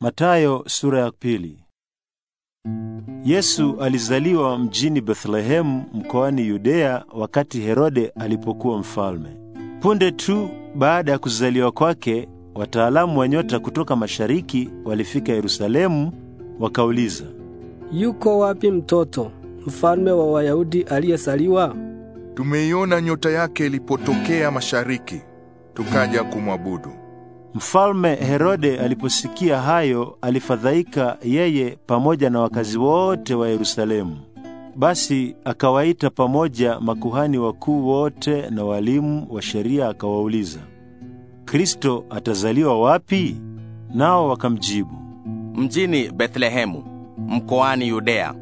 Matayo sura ya pili. Yesu alizaliwa mjini Bethlehemu mkoani Yudea wakati Herode alipokuwa mfalme. Punde tu baada ya kuzaliwa kwake, wataalamu wa nyota kutoka mashariki walifika Yerusalemu wakauliza, "Yuko wapi mtoto mfalme wa Wayahudi aliyesaliwa? Tumeiona nyota yake ilipotokea mashariki, tukaja kumwabudu." Mfalme Herode aliposikia hayo, alifadhaika yeye pamoja na wakazi wote wa Yerusalemu. Basi akawaita pamoja makuhani wakuu wote na walimu wa sheria, akawauliza, Kristo atazaliwa wapi? Nao wakamjibu, mjini Bethlehemu mkoani Yudea,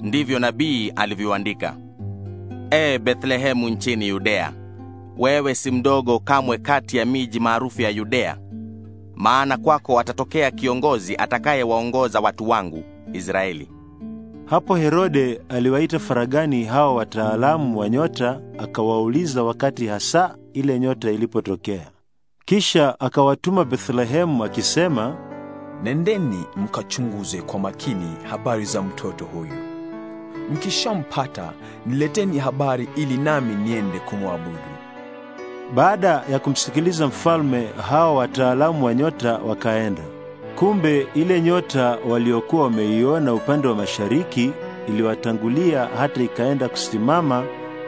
ndivyo nabii alivyoandika: Ee Bethlehemu nchini Yudea, wewe si mdogo kamwe kati ya miji maarufu ya Yudea, maana kwako atatokea kiongozi atakayewaongoza watu wangu Israeli. Hapo Herode aliwaita faragani hawa wataalamu wa nyota, akawauliza wakati hasa ile nyota ilipotokea. Kisha akawatuma Bethlehemu akisema, nendeni mkachunguze kwa makini habari za mtoto huyu. Mkishampata nileteni habari, ili nami niende kumwabudu. Baada ya kumsikiliza mfalme, hao wataalamu wa nyota wakaenda. Kumbe ile nyota waliokuwa wameiona upande wa mashariki iliwatangulia hata ikaenda kusimama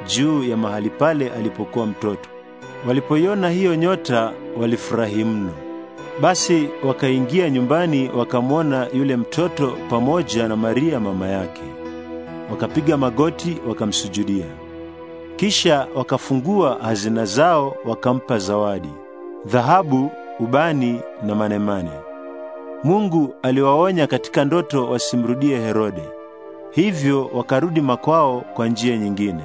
juu ya mahali pale alipokuwa mtoto. Walipoiona hiyo nyota walifurahi mno. Basi wakaingia nyumbani wakamwona yule mtoto pamoja na Maria mama yake. Wakapiga magoti wakamsujudia. Kisha wakafungua hazina zao wakampa zawadi, dhahabu, ubani na manemane. Mungu aliwaonya katika ndoto wasimrudie Herode, hivyo wakarudi makwao kwa njia nyingine.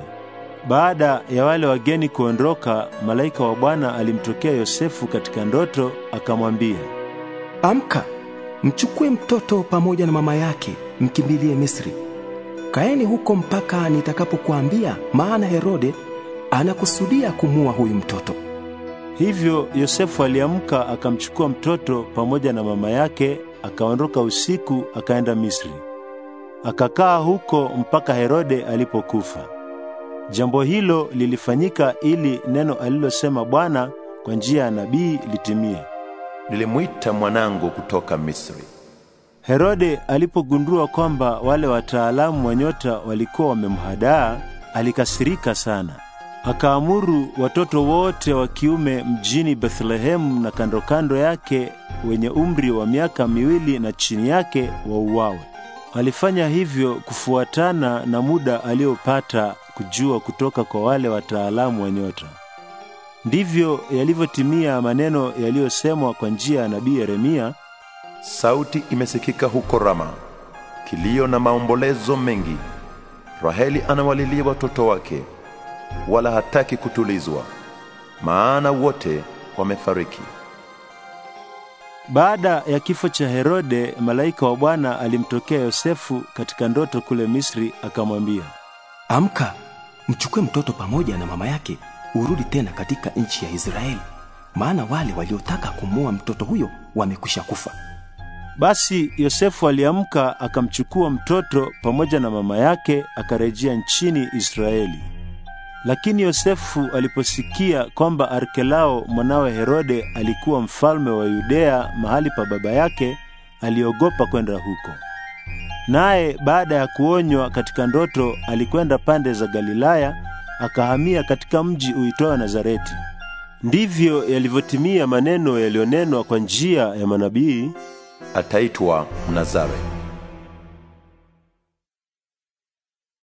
Baada ya wale wageni kuondoka, malaika wa Bwana alimtokea Yosefu katika ndoto, akamwambia, amka, mchukue mtoto pamoja na mama yake, mkimbilie Misri kaeni huko mpaka nitakapokuambia, maana Herode anakusudia kumua huyu mtoto. Hivyo Yosefu aliamka akamchukua mtoto pamoja na mama yake, akaondoka usiku akaenda Misri, akakaa huko mpaka Herode alipokufa. Jambo hilo lilifanyika ili neno alilosema Bwana kwa njia ya nabii litimie, nilimwita mwanangu kutoka Misri. Herode alipogundua kwamba wale wataalamu wa nyota walikuwa wamemhadaa, alikasirika sana. Akaamuru watoto wote wa kiume mjini Bethlehemu na kando kando yake wenye umri wa miaka miwili na chini yake wauawe. Walifanya hivyo kufuatana na muda aliopata kujua kutoka kwa wale wataalamu wa nyota. Ndivyo yalivyotimia maneno yaliyosemwa kwa njia ya nabii Yeremia sauti imesikika huko Rama, kilio na maombolezo mengi. Raheli anawalilia watoto wake, wala hataki kutulizwa, maana wote wamefariki. Baada ya kifo cha Herode, malaika wa Bwana alimtokea Yosefu katika ndoto kule Misri, akamwambia, amka, mchukue mtoto pamoja na mama yake, urudi tena katika nchi ya Israeli, maana wale waliotaka kumua mtoto huyo wamekwisha kufa. Basi Yosefu aliamka akamchukua mtoto pamoja na mama yake akarejea nchini Israeli. Lakini Yosefu aliposikia kwamba Arkelao mwanawe Herode alikuwa mfalme wa Yudea mahali pa baba yake, aliogopa kwenda huko. Naye baada ya kuonywa katika ndoto, alikwenda pande za Galilaya, akahamia katika mji uitwao Nazareti. Ndivyo yalivyotimia maneno yaliyonenwa kwa njia ya manabii ataitwa Mnazari.